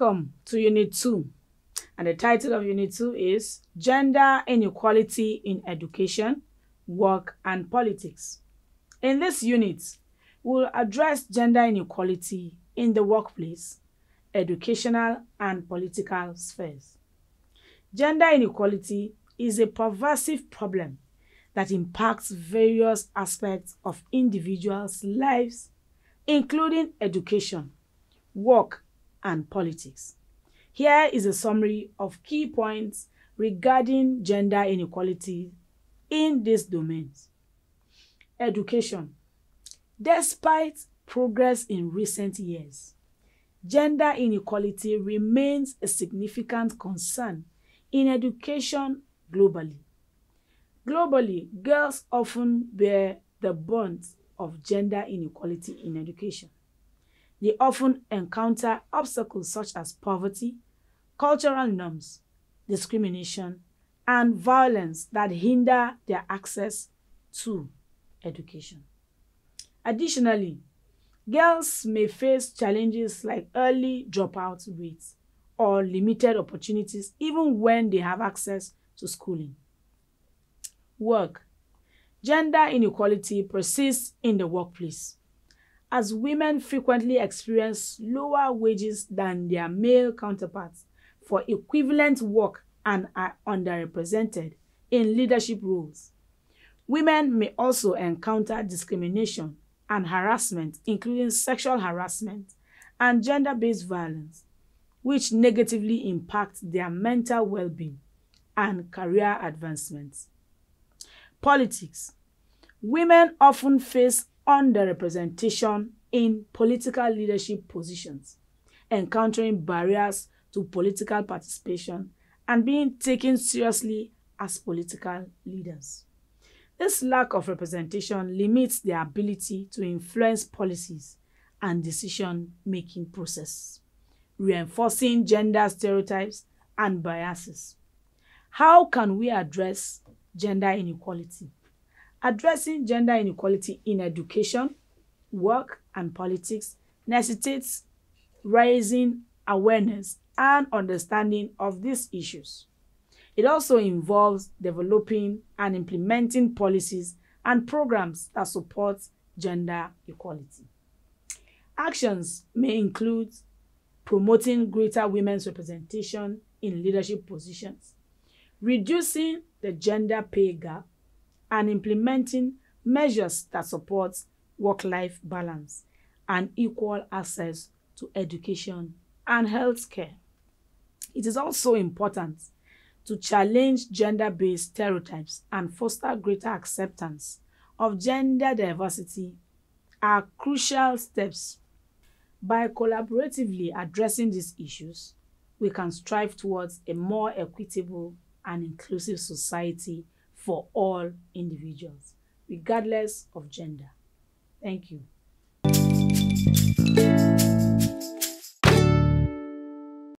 Welcome to Unit 2. And the title of Unit 2 is Gender Inequality in Education, Work and Politics. In this unit, we'll address gender inequality in the workplace, educational and political spheres. Gender inequality is a pervasive problem that impacts various aspects of individuals' lives, including education, work, and politics. Here is a summary of key points regarding gender inequality in these domains. Education. Despite progress in recent years, gender inequality remains a significant concern in education globally. Globally, girls often bear the brunt of gender inequality in education they often encounter obstacles such as poverty, cultural norms, discrimination, and violence that hinder their access to education. Additionally, girls may face challenges like early dropout rates or limited opportunities even when they have access to schooling. Work. Gender inequality persists in the workplace as women frequently experience lower wages than their male counterparts for equivalent work and are underrepresented in leadership roles. Women may also encounter discrimination and harassment, including sexual harassment and gender based violence, which negatively impact their mental well being and career advancement. Politics Women often face underrepresentation in political leadership positions, encountering barriers to political participation, and being taken seriously as political leaders. This lack of representation limits their ability to influence policies and decision-making process, reinforcing gender stereotypes and biases. How can we address gender inequality? addressing gender inequality in education, work, and politics necessitates raising awareness and understanding of these issues. It also involves developing and implementing policies and programs that support gender equality. Actions may include promoting greater women's representation in leadership positions, reducing the gender pay gap, and implementing measures that support work-life balance and equal access to education and healthcare. It is also important to challenge gender-based stereotypes and foster greater acceptance of gender diversity are crucial steps. By collaboratively addressing these issues, we can strive towards a more equitable and inclusive society for all individuals, regardless of gender. Thank you.